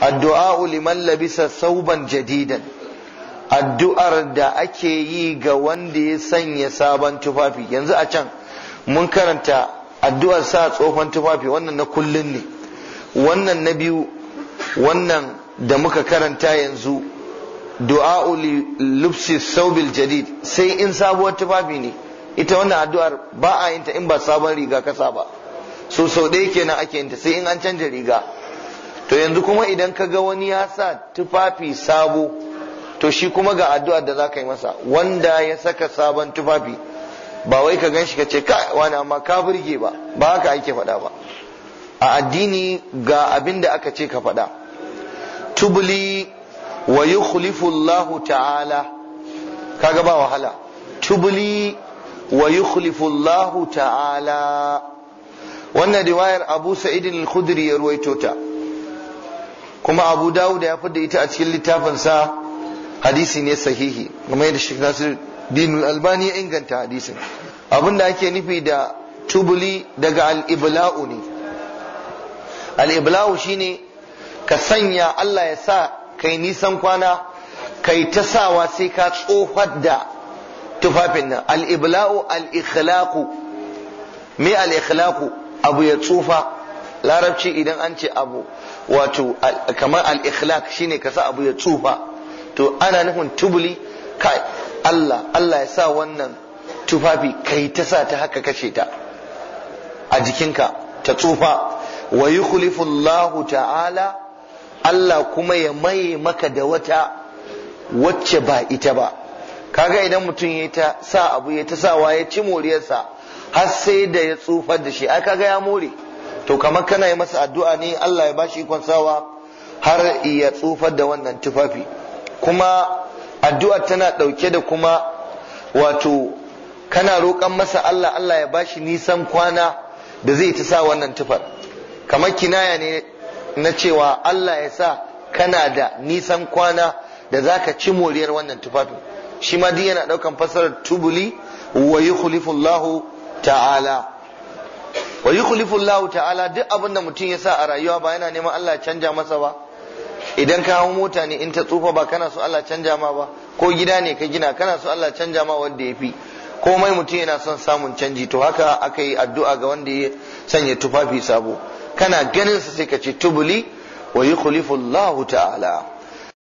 addu'a liman labisa sauban jadidan addu'ar da ake yi ga wanda ya sanya sabon tufafi yanzu a can mun karanta addu'ar sa tsofan tufafi wannan na kullun ne wannan na biyu wannan da muka karanta yanzu du'a'u lubsi saubil jadid sai in sabuwar tufafi ne ita wannan addu'ar ba a yinta in ba sabon riga kasa ba so sau ɗaya kenan ake yinta sai in an canja riga to yanzu kuma idan ka ga wani ya sa tufafi sabo to shi kuma ga addu'a da za ka yi masa wanda ya saka sabon tufafi ba wai ka gan shi ka ce ka wani amma ka burge ba ba haka ake faɗa ba a addini ga abin da aka ce ka faɗa tubli wa ta'ala kaga ba wahala tubli wa ta'ala wannan riwayar Abu sa'idin al-Khudri ya ruwaito ta kuma abu da ya fada ita a cikin littafinsa hadisi ne sahihi kuma yadda shi nasu dinul albani ya inganta hadisin Abun da ake nufi da tubuli daga al'ibla'u ne al'ibla'u ne ka sanya allah ya sa kai nisan kwana kai ta sawa sai ka tsofar da tufafin nan al'ibla'u al'ikhlaku me al'ikhlaku abu ya tsufa larabci idan an ce abu wato kamar al-ikhlaq shine kasa abu ya tsufa to ana nufin tubuli kai Allah Allah ya sa wannan tufafi kai ta sa ta haka kashe ta a jikinka ta tsufa wa yukhlifu Allah ta'ala Allah kuma ya maye maka da wata wacce ba ita ba kaga idan mutum ya ta sa abu ya ta sawa ya ci moriyarsa har sai da ya tsufar da shi ai kaga ya more to kamar kana yi masa addu'a ne Allah ya bashi ikon sawa har ya tsufar da wannan tufafi kuma addu'a tana ɗauke da kuma wato kana roƙon masa Allah Allah ya bashi nisan kwana da zai ta sa wannan tufar kamar kinaya ne na cewa Allah ya sa kana da nisan kwana da zaka ci moriyar wannan tufafi. shi ma duk yana ɗaukan fassarar tubuli wa yukhlifu ta'ala wa yukhlifu Allahu ta'ala duk abin da mutum ya sa a rayuwa ba yana neman Allah canja masa ba idan ka hawo mota ne in ta tsufa ba kana so Allah canja ma ba ko gida ne ka gina kana so Allah canja ma wanda ya fi? komai mutum yana son samun canji to haka aka yi addu'a ga wanda ya sanya tufafi sabo kana ganin sa sai ka ce tubuli wa yukhlifu Allahu ta'ala